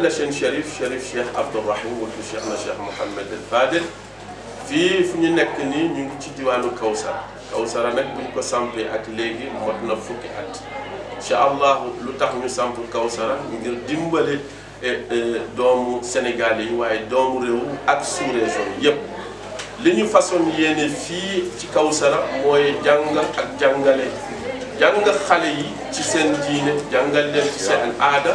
علشان شريف شريف شيخ عبد الرحيم ولد شيخنا شيخ محمد الفاضل fii fu ñu nekk nii ñu ngi ci diwaanu Kawsara Kawsara nag buñ ko sampee ak léegi mot na fukki at incha allah lu tax ñu samp Kawsara ngir dimbale doomu Sénégal yi waaye doomu réew ak sous-région yépp li ñu façon yéene fii ci Kawsara mooy jàng ak jàngale jàng xale yi ci seen diine jàngal leen ci seen aada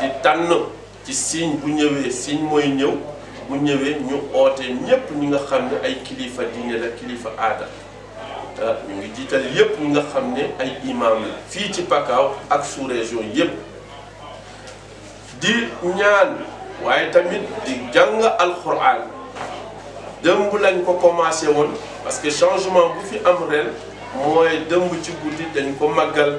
di tànn ci siiñ bu ñëwee signe mooy ñëw bu ñëwee ñu oote ñépp ñi nga xam ne ay kilifa diine la kilifa aada euh, ñu ngi jiital yépp ñi nga xam ne ay imam la fii ci Pakaaw ak sous région yépp di ñaan waaye tamit di jàng alxuraan dëmb lañ ko commencé woon parce que changement bu fi am ren mooy dëmb ci guddi dañ ko màggal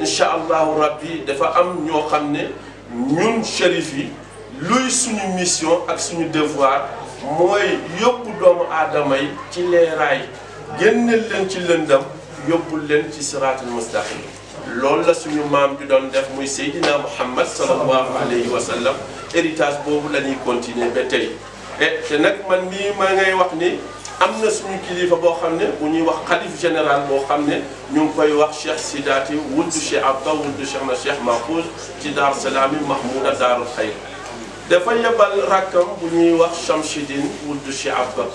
incha allahu rabbi dafa am ñoo xam ne ñun shérif yi luy suñu mission ak suñu devoir mooy yóbbu doomu aadama yi ci leeraay génneel leen ci lëndam yóbbu leen ci siraatul mustaqim loolu la suñu maam bi doon def muy Seydina Muhammad sallallahu alayhi wa héritage boobu la ñuy continuer ba tey eh, te nag man mii ma ngay wax ni amna suñu kilifa bo xamne bu ñuy wax xalif général bo xamne ñu ngi koy wax cheikh sidati wuldu cheikh abdou wuldu cheikh na cheikh mahfouz ci daar salaami mahmouda daarul xayr dafa yebal rakam bu ñuy wax shamshidin wuldu cheikh abda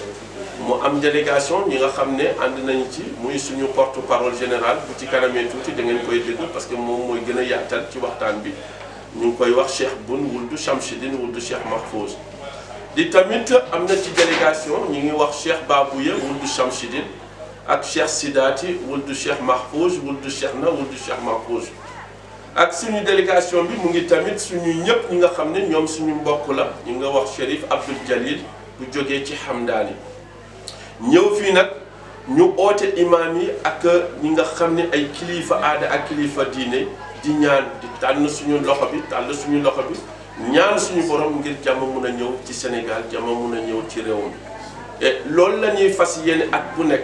mu am délégation ñi nga xamne ànd nañ ci muy suñu porte parole général bu ci kanamé tuti da ngeen koy dégg parce que mom moy gëna yaatal ci waxtaan bi ñu koy wax cheikh bun wuldu shamshidin wuldu cheikh mahfouz di tamit am na ci délégation ñu ngi wax Cheikh Babouye wuldu Chamsidine ak Cheikh Sidati wuldu Cheikh Mahfouz wuldu Cheikh na wuldu Cheikh Mahfouz ak suñu délégation bi mu ngi tamit suñu ñëpp ñi nga xam ne ñoom suñu mbokk la ñu nga wax Chérif Abdoul Jalil bu jógee ci Hamdaani ñëw fii nag ñu oote imaam yi ak ñi nga xam ni ay kilifa aada ak kilifa diine di ñaan di tànn suñu loxo bi tànn suñu loxo bi ñaan suñu borom ngir jàmm mun a ñëw ci Sénégal jàmm mun a ñëw ci réew mi et loolu la fas yéene at bu nekk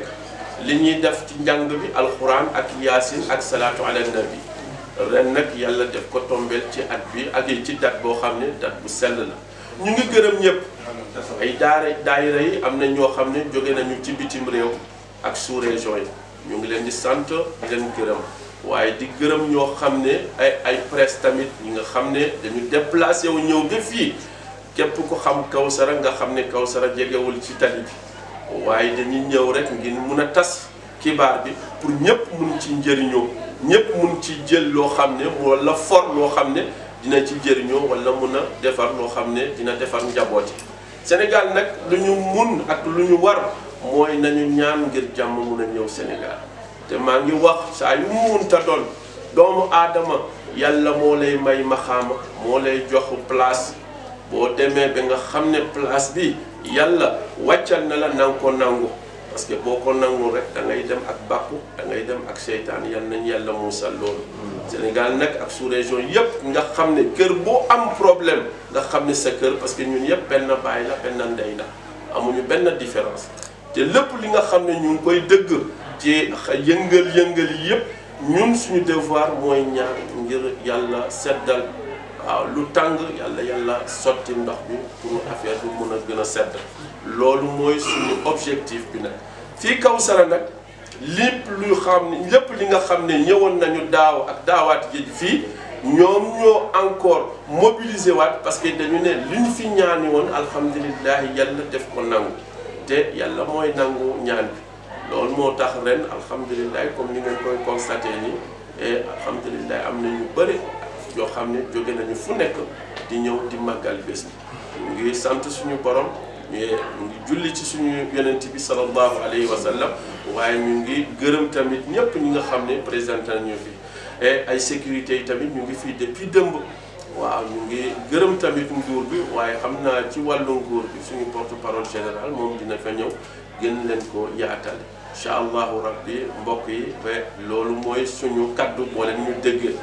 li ñuy def ci njàng bi alxuraan ak yaasin ak salaatu ala nabi ren nag yàlla def ko tombeel ci at bi ak ci date boo xam ne date bu sell la ñu ngi gërëm ñëpp ay daara daayira yi am na ñoo xam ne jóge nañu ci bitim réew ak sous région ñu ngi leen di sant leen gërëm waaye di gërëm ñoo xam ne ay ay presse tamit ñi nga xam ne dañu déplacé wu ñëw ba fii képp ko xam Kawsara nga xam ne Kawsara jegewul ci tali bi waaye dañuy ñëw rek ngi mun a tas xibaar bi pour ñëpp mun ci njëriñoo ñëpp mun ci jël loo xam ne wala for loo xam ne dina ci jëriñoo wala mun a defar loo xam ne dina defar njabooti Sénégal nag lu ñu mun ak lu ñu war mooy nañu ñaan ngir jàmm mun a ñëw Sénégal te maa ngi wax saa yu munta doon doomu aadama yàlla moo lay may maxaama moo lay jox place boo demee ba nga xam ne place bi yàlla wàccal na la nanga ko nangu parce boo ko nangu rek da ngay dem ak bàkku da ngay dem ak seytaan yal nañ yàlla musal loolu Sénégal nag ak sous région yëpp nga xam ne kër boo am problème nga xam ne sa kër parce que ñun yëpp benn baay la benn ndey la amuñu benn différence te lépp li nga xam ne ñu koy dëgg ci yëngal-yëngal yep ñun suñu devoir moy ñaar ngir yalla seddal waaw lu tang yalla yalla soti ndox bi pour affaire bi mëna gëna gën sedd loolu moy suñu objectif bi nak fi Kawsara nak lépp lu xam ne li nga xam ñewon nañu daaw ak daawaat géej fi ñoom ñoo encore mobilisé waat parce que dañu né li fi ñaani won alhamdullilah yalla def ko nangu té yalla moy nangu ñaan bi lool moo tax ren alhamdulilah comme ni ngeen koy constaté ni et alhamdulilah am na ñu bëri yoo xam ne jóge nañu fu nekk di ñëw di màggal bés bi ñu ngi sant suñu mais ñu ngi julli ci suñu yonent bi sallallahu alayhi wa sallam waaye ñu ngi gërëm tamit ñëpp ñi nga xam ne présenté nañu fi et ay sécurité yi tamit ñu ngi fii depuis dëmb waaw ñu ngi gërëm tamit nguur bi waaye xam naa ci wàllu nguur bi suñu porte parole général moom dina fa ñëw gën leen ko yaatal incha allahu rabbi mbokk yi loolu mooy suñu kaddu boo leen ñu